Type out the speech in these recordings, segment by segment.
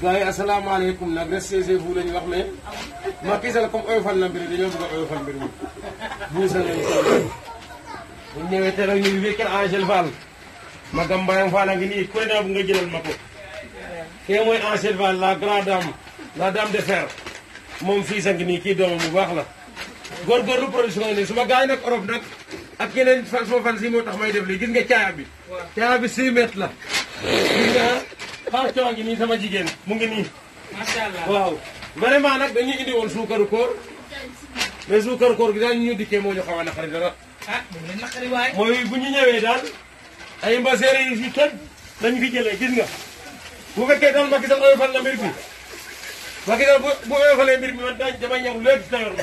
gaay yi alaykum nak rek CG fu la wax mais Macky Sall comme oyofal na mbir dañu bëgg a oyofal mbir mi sa nañu ko bu ñu té rek ñu wékkal angel Fall magam Mbayang Fall a ngi nii ku ne dama nga jëlal mako té moy angel Angèle Fall la grande dame la dame de fer mom fi sang ni ki doom bu baax la gor production yi nii su ma gars Europe nak ak yeneen fan fo fan si moo tax may def li gis nga tiaabi tiaabi 6 mètres la parton gi nii sama jigéen mu ngi nii. macha allah waaw. vraiment nag dañuy indi woon suukaru koor mais suukaru koor gi daal ñu dikkee moo ñu xaw a naqari dara. ah dinañ naqari waay. mooy bu ñu ñëwee daal ay mbaseere yu si toj lañ fi jëlee gis nga bu fekkee daal Macky Sall oyofal na mbir bi Macky Sall bu bu oyofalee mbir bi man daañu damay ñëw léegi dina yor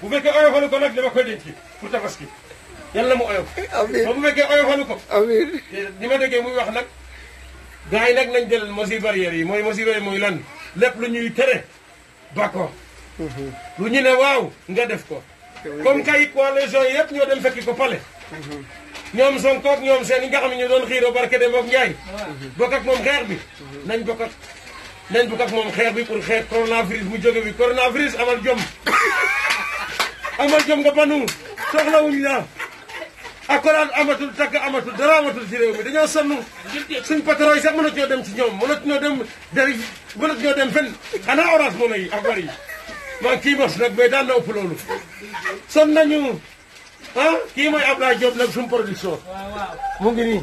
bu fekkee oyofalu ko nag dama koy denc pour tabaski yàlla mu oyof. amiin bu fekkee oyofalu ko. amiin ni ma déggee muy wax nag. gars yi nag nañ jël mesures barrières yi mooy mesures yooyu mooy lan lépp lu ñuy tere ba ko mm-hmm. lu ñu ne waaw nga def ko comme kay coalition yëpp ñoo dem fekki ko pale mm-hmm. ñoom Sonko ak ñoom seen yi nga xam ne ñu doon xiiroo barke de boog Njaay bokk ak moom xeex bi mm-hmm. nañ bokk ak nañ bokk ak moom xeex bi pour xeex coronavirus mu jóge bi coronavirus amal jom amal jom nga banu soxlawuñ la alxuraan amatul tagg amatul dara amatul ci réew mi dañoo sonn suñ patron yi sax mënatu ñoo dem ci ñoom mënatu ñoo dem dari mënatu ñoo dem fenn xanaa orange moom yi ak bari man kii mos nag mais daan na ëpp loolu sonn nañu ah kii mooy Ablaye Diop nag suñu production mu ngi nii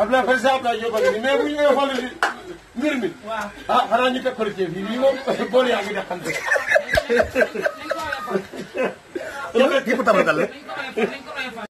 Ablaye président Ablaye Diop a ngi mi ah xanaa ñu teg ko ci bi lii yaa ngi dexante yëpp